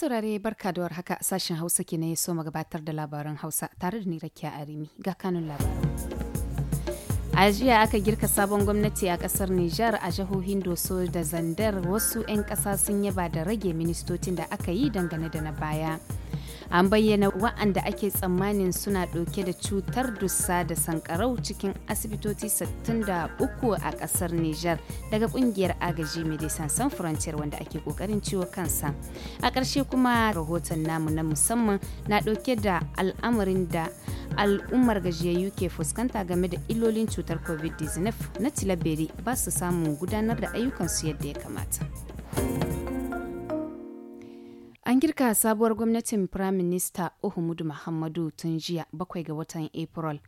saurare barka da haka sashen Hausa ke na ya so magabatar da labaran Hausa tare da ni Rakiya Arimi ga kanun labaran. a jiya aka girka sabon gwamnati a kasar Nijar a jihohin Doso da Zandar wasu 'yan ƙasa sun yaba da rage ministocin da aka yi dangane da na baya. an bayyana wa'anda ake tsammanin suna ɗauke da cutar dusa da sankarau cikin asibitoci 63 a ƙasar Nijar daga ƙungiyar agaji Medecins Sans Frontier wanda ake ƙoƙarin ciwo kansa. A ƙarshe kuma rahoton namu na musamman na ɗauke da al'amarin da al'ummar gajiyayyu ke fuskanta game da illolin cutar covid-19 na tilaberi ba su samun gudanar da ayyukansu yadda ya kamata. An girka sabuwar gwamnatin minister Uhumudu Muhammadu tun jiya bakwai ga watan April.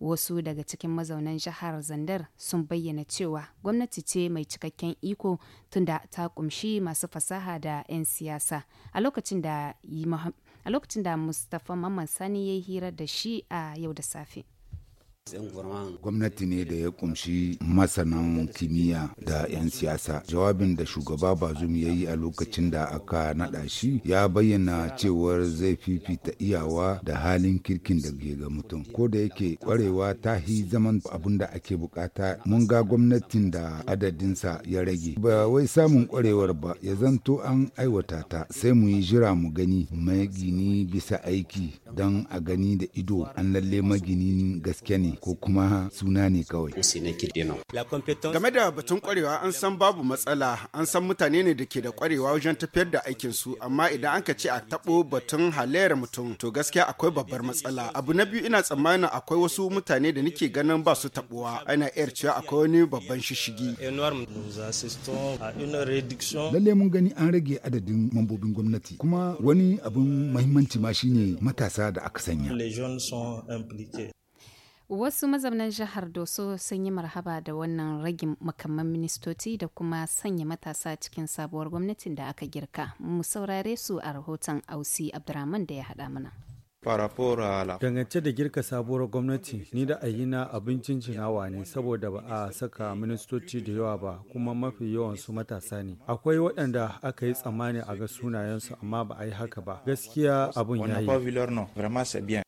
Wasu daga cikin mazaunan jihar Zandar sun bayyana cewa gwamnati ce mai cikakken iko tunda ta kumshi masu fasaha da 'yan siyasa. A lokacin da Mustapha Mamman Sani ya yi hira da shi a yau da safe. Gwamnati ne da ya kumshi masanan kimiyya da 'yan siyasa. Jawabin da shugaba Bazum ya yi a lokacin da aka naɗa shi ya bayyana cewar zai fifita iyawa da halin kirkin da ke ga mutum. Ko da yake kwarewa ta hi zaman abun da ake bukata mun ga gwamnatin da adadinsa ya rage. Ba wai samun kwarewar ba ya zanto an aiwata ta sai mu yi jira mu gani magini bisa aiki don a gani da ido an lalle maginin gaske ne. ko kuma suna ne kawai. Game da batun kwarewa an san babu matsala an san mutane ne da ke da kwarewa wajen tafiyar da aikinsu amma idan an ka ce a tabo batun halayyar mutum to gaskiya akwai babbar matsala. Abu na biyu ina tsammanin akwai wasu mutane da nake ganin ba su tabuwa ana iya cewa akwai wani babban shishigi. Lallai mun gani an rage adadin mambobin gwamnati kuma wani abin mahimmanci ma shine matasa da aka sanya. Wasu mazaunan jihar Doso sun yi marhaba da wannan ragin makamman ministoci da kuma sanya matasa cikin sabuwar gwamnatin da aka girka. Mu saurare su a rahoton Ausi Abdurrahman da ya haɗa mana. Dangance da girka sabuwar gwamnati, ni da ayina abincin cinawa ne saboda ba a saka ministoci da yawa ba kuma mafi yawan su matasa ne. Akwai waɗanda aka yi tsammani a ga sunayensu amma ba a yi haka ba. Gaskiya abun ya yi.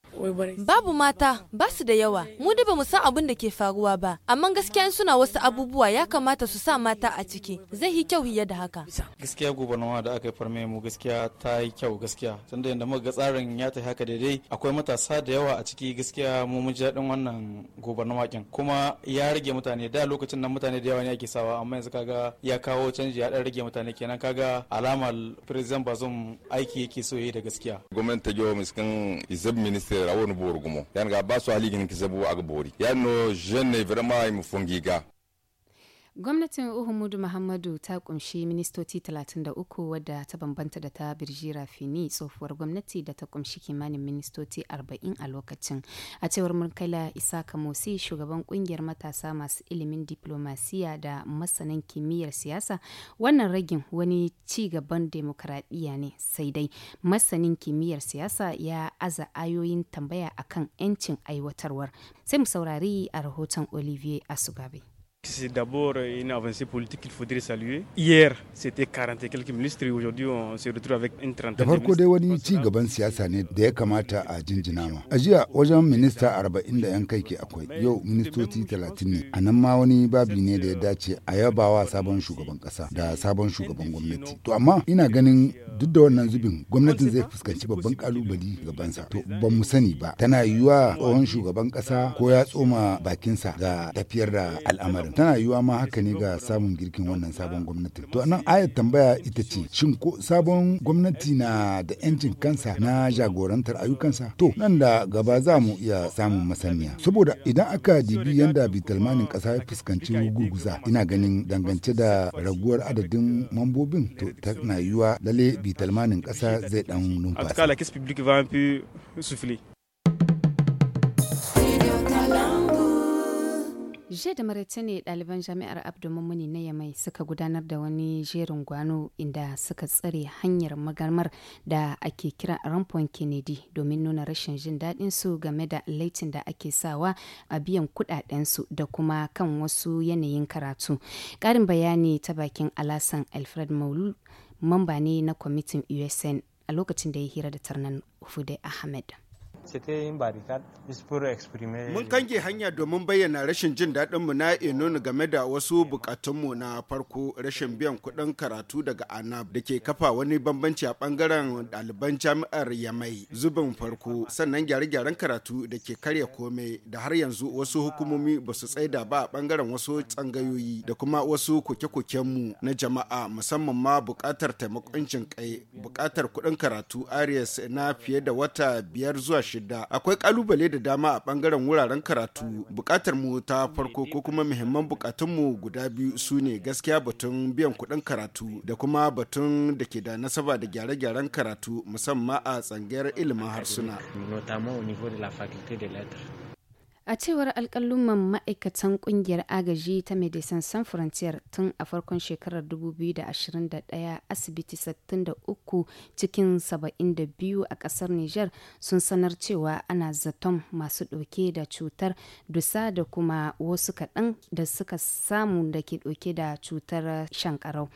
Babu mata ba su da yawa, mu da mu san abin da ke faruwa ba, amma gaskiya suna wasu abubuwa ya kamata su sa mata a ciki, zai yi kyau hiyar da haka. Gaskiya gubanarwa da aka yi farme mu gaskiya ta yi kyau gaskiya, tunda yadda muka tsarin ya ta haka daidai akwai matasa da yawa a ciki gaskiya mu mun ji wannan gubanarwa kin kuma ya rage mutane da lokacin nan mutane da yawa ne ake sawa amma yanzu kaga ya kawo canji ya ɗan rage mutane kenan kaga alamar president bazum aiki yake so yi da gaskiya. Gwamnati ta jiwa miskin izab minister woni booru gumo yan ga ba so haligi ni kise bu boori yan no jeune vraiment ay Gwamnatin Uhumudu Muhammadu ta kunshi ministoci 33 wadda ta bambanta da ta Birjira rafini tsofuwar gwamnati da ta kunshi kimanin ministoci 40 a lokacin. A cewar Murkala isa kamosi shugaban kungiyar matasa masu ilimin diplomasiya da masanan kimiyyar siyasa wannan ragin wani ci gaban demokaradiyya ne sai dai masanin kimiyyar siyasa ya aza ayoyin tambaya akan 'yancin aiwatarwar. Sai mu saurari a rahoton Olivier Asugabe. C'est d'abord une avancée politique qu'il faudrait saluer. Hier, c'était 40 et quelques ministres et aujourd'hui, on se retrouve avec une trentaine de ministres. Da farko dai wani ci gaban siyasa ne da ya kamata a jinjina ma. A wajen minista 40 da yan kai ke akwai, yau ministoci 30 ne. A nan ma wani babi ne da ya dace a yabawa sabon shugaban kasa da sabon shugaban gwamnati. To amma ina ganin duk da wannan zubin gwamnatin zai fuskanci babban kalubali gabansa. To ba mu sani ba, tana yiwuwa tsohon shugaban kasa ko ya tsoma bakinsa ga tafiyar da al'amarin. tana yiwuwa ma haka ne ga samun girkin wannan sabon gwamnati to nan ayat tambaya ita ce shin ko sabon gwamnati na da yancin kansa na jagorantar ayyukansa to nan da gaba za mu iya samun masaniya saboda idan aka dibi yanda bitalmanin kasa ya fuskanci guguza ina ganin dangance da raguwar adadin mambobin to tana yiwuwa lalle bitalmanin ƙasa zai dan numfasa jiya da maraice ne ɗaliban jami'ar abdu mummuni na yamai suka gudanar da wani jerin gwano inda suka tsare hanyar magarmar da ake kira rampon kennedy domin nuna rashin jin daɗin su game da laitin da ake sawa a biyan kuɗaɗensu da kuma kan wasu yanayin karatu ƙarin bayani ta bakin alasan alfred maulu mamba ne na kwamitin usn a lokacin da ya hira da tarnan fude ahmed Mun kange hanya domin bayyana rashin jin mu na Enonu game da wasu bukatun mu na farko rashin biyan kuɗin karatu daga ANAB da ke kafa wani bambanci a bangaren ɗaliban jami'ar Yamai zubin farko sannan gyare-gyaren karatu da ke karya komai da har yanzu wasu hukumomi ba su tsaida ba a bangaren wasu tsangayoyi da kuma wasu koke mu na jama'a musamman ma bukatar taimakon jin kai buƙatar kuɗin karatu Arias na fiye da wata biyar zuwa shidda akwai kalubale da dama a bangaren wuraren karatu bukatar mu ta farko ko kuma muhimman bukatun mu guda biyu su ne gaskiya batun biyan kudin karatu da kuma batun da ke da nasaba da gyare-gyaren karatu musamman a tsangayar ilimin harsuna. A cewar alƙalluman ma'aikatan kungiyar agaji ta medicine San Frontier tun a farkon shekarar 2021 asibiti 63 cikin 72 a kasar niger sun sanar cewa ana zaton masu ɗauke da cutar dusa da kuma wasu kaɗan da suka samu da ke ɗauke da cutar shankarau.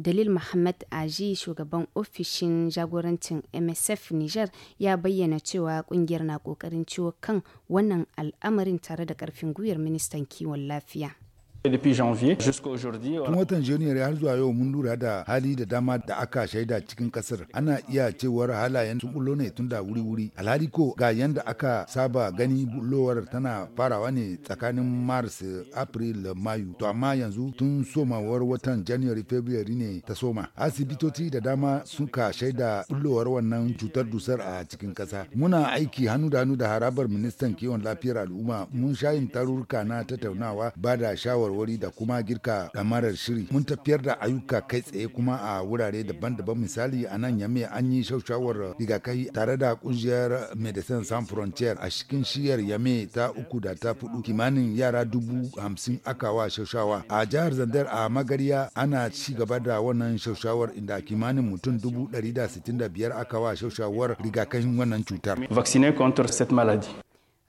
Dalil Muhammad Aji shugaban ofishin jagorancin MSF Niger ya bayyana cewa kungiyar na kokarin ciwo kan wannan al'amarin tare da karfin gwiwar ministan kiwon lafiya. Tun watan Janairu har zuwa yau mun lura da hali da dama da aka shaida cikin kasar. Ana iya cewar halayen sun bullo ne tun da wuri-wuri. Alhali ko ga yanda aka saba gani bullowar tana farawa ne tsakanin Mars, April, Mayu. To amma yanzu tun somawar watan january february ne ta soma. Asibitoci da dama suka shaida bullowar wannan cutar dusar a cikin kasa. Muna aiki hannu da hannu da harabar ministan kiwon lafiyar al'umma mun shayin tarurruka na tattaunawa ba da shawar shawarwari da kuma girka ɗamarar shiri mun tafiyar da ayyuka kai tsaye kuma a wurare daban-daban misali a nan yame an yi shawarwar rigakafi tare da kungiyar medecins sans frontier a cikin shiyar yame ta uku da ta fudu kimanin yara dubu hamsin aka wa shawarwa a jihar zandar a magariya ana ci gaba da wannan shawarwar inda kimanin mutum dubu ɗari da sittin da biyar aka wa shawarwar rigakafin wannan cutar. vacciner contre cette maladie.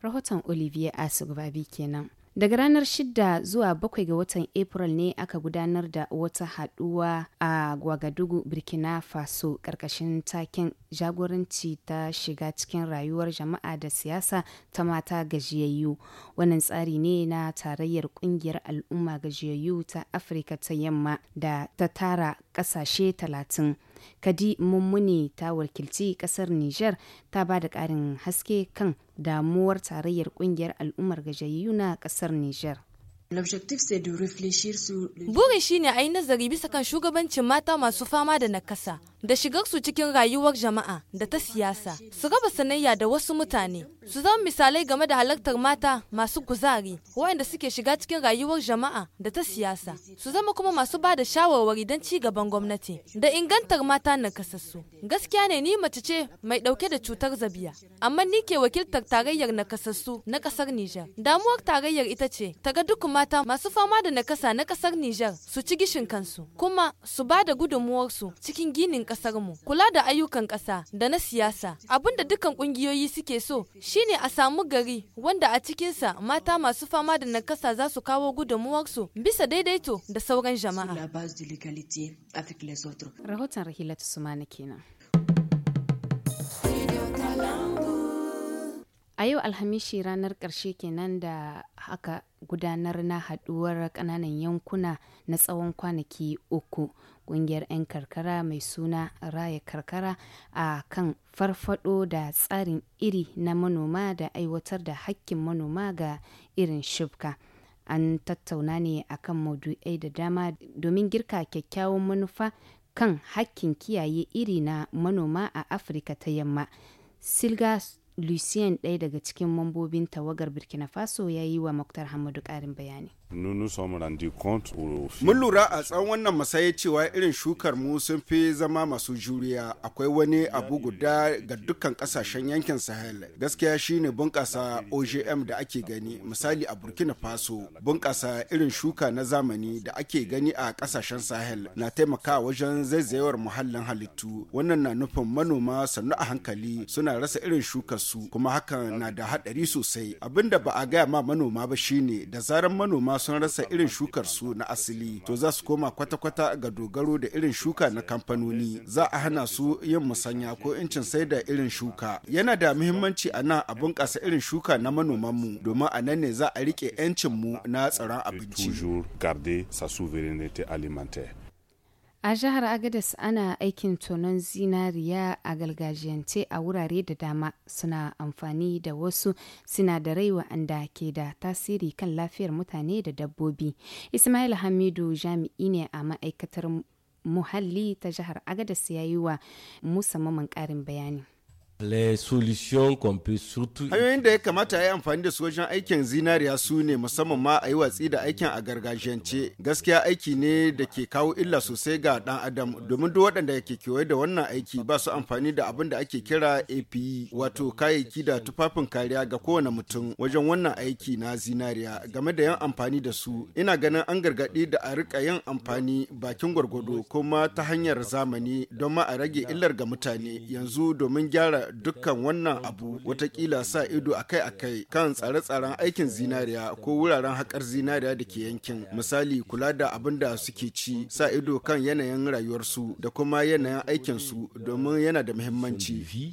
rahoton olivier asugbabi kenan. Daga ranar 6 zuwa 7 ga watan April ne aka gudanar da wata haduwa a gwagadugu Burkina Faso karkashin taken jagoranci ta shiga cikin rayuwar jama'a da siyasa ta mata gajiyayyu. Wannan tsari ne na tarayyar ƙungiyar al'umma gajiyayyu ta Afirka ta Yamma da ta tara ƙasashe talatin. Kadi Mummuni ta wakilci kasar niger ta ba da ƙarin haske kan damuwar tarayyar ƙungiyar al'ummar gajiyayyu na kasar niger. Burin shine a yi nazari bisa kan shugabancin mata masu fama da nakasa, da shigar su cikin rayuwar jama'a da ta siyasa, su raba sanayya da wasu mutane, su zama misalai game da halartar mata masu kuzari, waɗanda suke shiga cikin rayuwar jama'a da ta siyasa, su zama kuma masu ba da shawarwari don ci gaban gwamnati, da ingantar mata nakasassu. Gaskiya ne ni mace ce mai ɗauke da cutar zabiya, amma ni ke wakiltar tarayyar nakasassu na ƙasar Nijar. Damuwar tarayyar ita ce, ta ga duk mata masu fama da nakasa na kasar Nijar su ci gishin kansu kuma su ba da gudunmuwarsu cikin ginin kasar mu kula da ayyukan kasa da na siyasa da dukkan kungiyoyi suke so shine a samu gari wanda a cikinsa mata masu fama da nakasa za su kawo gudunmuwarsu bisa daidaito da sauran jama'a. Rahoton Rahilatu Sumana kenan. A yau Alhamishi ranar ƙarshe kenan da aka gudanar na haɗuwar ƙananan yankuna na tsawon kwanaki uku ƙungiyar 'yan karkara mai suna raya karkara a kan farfado da tsarin iri na manoma da aiwatar da hakkin manoma ga irin shubka an tattauna ne akan maudu'ai da dama domin girka kyakkyawan manufa kan hakkin kiyaye iri na manoma a afirka ta yamma silga lucien ɗaya daga cikin mambobin tawagar burkina faso ya yi wa muktar hamadu ƙarin bayani Mun lura a tsawon wannan masaya cewa irin shukar mu sun fi zama masu juriya akwai wani abu guda ga dukkan kasashen yankin Sahel. Gaskiya shine bunƙasa OGM da ake gani misali a Burkina Faso bunƙasa irin shuka na zamani da ake gani a kasashen Sahel na taimakawa wajen zaizayewar muhallin halittu. Wannan na nufin manoma sannu a hankali suna rasa irin shukar su kuma hakan na da haɗari sosai. Abinda ba a gaya ma manoma ba shine da zarar manoma sun rasa irin shukar su na asili to za su koma kwata-kwata ga dogaro da irin shuka na kamfanoni za a hana su yin musanya ko incin sai da irin shuka yana da muhimmanci a nan a bunƙasa irin shuka na manoman mu domin a nan ne za a riƙe mu na tsaron abinci. A jihar agadas ana aikin tonon zinariya a gargajiyance a wurare da dama suna amfani da wasu sinadarai wa'anda ke da tasiri kan lafiyar mutane da dabbobi. Ismail Hamidu jami'i ne a ma'aikatar muhalli ta jihar agadas ya yi wa musamman karin ƙarin bayani. les hanyoyin da ya kamata a yi amfani da su wajen aikin zinariya su ne musamman ma a yi watsi da aikin a gargajiyance gaskiya aiki ne da ke kawo illa sosai ga dan adam domin duk waɗanda ke kewaye da wannan aiki ba su amfani da abin da ake kira APE wato kayayyaki da tufafin kariya ga kowane mutum wajen wannan aiki na zinariya game da yan amfani da su ina ganin an gargaɗi da a rika yin amfani bakin gwargwado kuma ta hanyar zamani don ma a rage illar ga mutane yanzu domin gyara dukkan wannan abu watakila sa ido akai-akai kan tsare-tsaren aikin zinariya ko wuraren haƙar zinariya da ke yankin misali kula da abin da suke ci sa ido kan yanayin rayuwarsu da kuma yanayin aikinsu domin yana da muhimmanci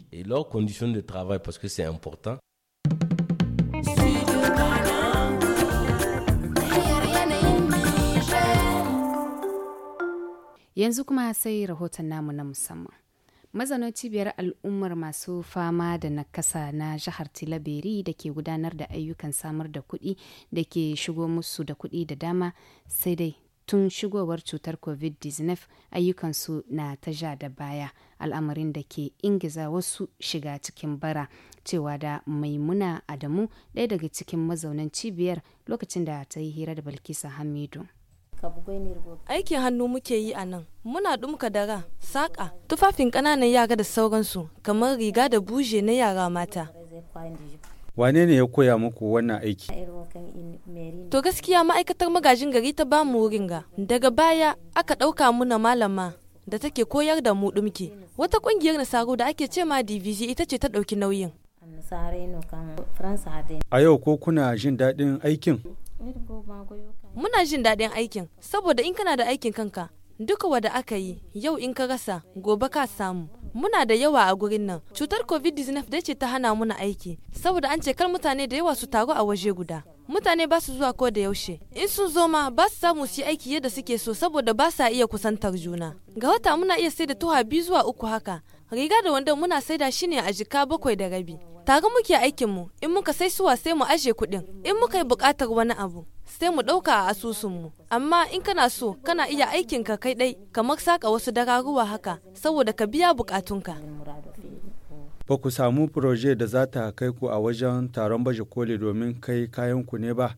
yanzu kuma sai rahoton namu na musamman mazanoci cibiyar al'ummar masu fama da nakasa na jihar tilaberi da ke gudanar da ayyukan samar da kuɗi da ke shigo musu da kuɗi da dama sai dai tun shigowar cutar covid-19 ayyukansu na ta ja da baya al'amarin da ke ingiza wasu shiga cikin bara cewa da maimuna adamu ɗaya daga cikin mazaunan cibiyar lokacin da ta yi hira da balkisa hamidu Aikin hannu muke yi a nan. Muna ɗumka dara, saƙa, tufafin ƙananan yara da sauransu, kamar riga da buje na yara mata. Wane ne ya koya muku wannan aiki? To gaskiya ma'aikatar magajin gari ta ba mu ringa. Daga baya aka ɗauka muna malama da take koyar da mu ɗumki. Wata ƙungiyar Nasaru da ake ce ma DVC ita ce ta ɗauki nauyin. A yau ko kuna jin daɗin aikin? muna jin daɗin aikin saboda in kana da aikin kanka duka wada aka yi yau in ka rasa gobe ka samu muna da yawa a gurin nan cutar covid-19 da ce ta hana muna aiki saboda an ce kar mutane da yawa su taru a waje guda mutane ba su zuwa ko da yaushe in sun zo ma ba su samu su yi aiki yadda suke so saboda ba sa iya kusantar juna ga wata muna iya sai da tuha biyu zuwa uku haka riga da wanda muna saida shi ne a jika bakwai da rabi tare muke aikinmu in muka sai suwa sai mu aje kuɗin in muka yi bukatar wani abu sai mu ɗauka a asusunmu. Amma in kana so, kana iya aikinka kai ɗai, kamar saka wasu dagaruwa haka, saboda ka biya bukatunka. ba ku samu proje da za ta kai ku a wajen taron baje koli domin kai kayan ku ne ba?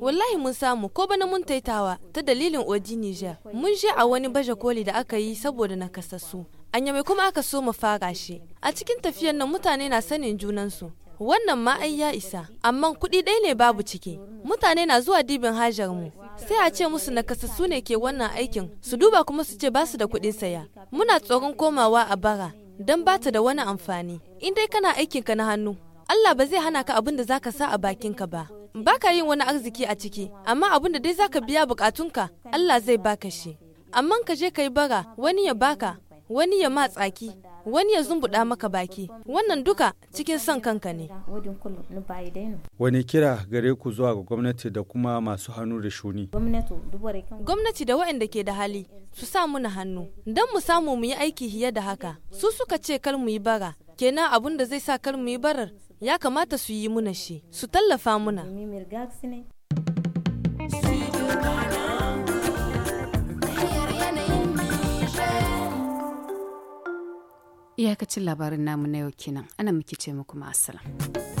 Wallahi mun samu ko bana mun taitawa ta dalilin Oji Niger. Mun je a wani baje koli da aka yi saboda na kasassu Anya mai kuma aka so mu fara shi. A cikin tafiyan nan mutane na sanin junansu. wannan ma ya isa amma kuɗi ɗaya ne babu ciki mutane na zuwa dibin hajar mu sai a ce musu nakasassu ne ke wannan aikin su duba kuma su ce basu da kuɗin saya muna tsoron komawa a bara don ba ta da wani amfani in dai kana aikinka na hannu Allah ba zai hana ka abin da zaka sa a bakinka ba ba ka yin wani arziki a ciki amma abin da dai zaka biya bukatunka Allah zai baka shi amma ka je ka yi bara wani ya baka wani ya ma tsaki wani ya zumbuɗa maka baki wannan duka cikin son kanka ne wani kira gare ku zuwa ga gwamnati da kuma masu hannu da shuni gwamnati da waɗanda ke da hali su sa muna hannu don mu samu mu yi aiki hiye da haka su suka ce kar mu yi bara kenan abun da zai sa kar mu yi barar ya kamata su yi muna shi su tallafa muna Iyakacin labarin namu na yau kenan, ana muke ce muku ma'asala.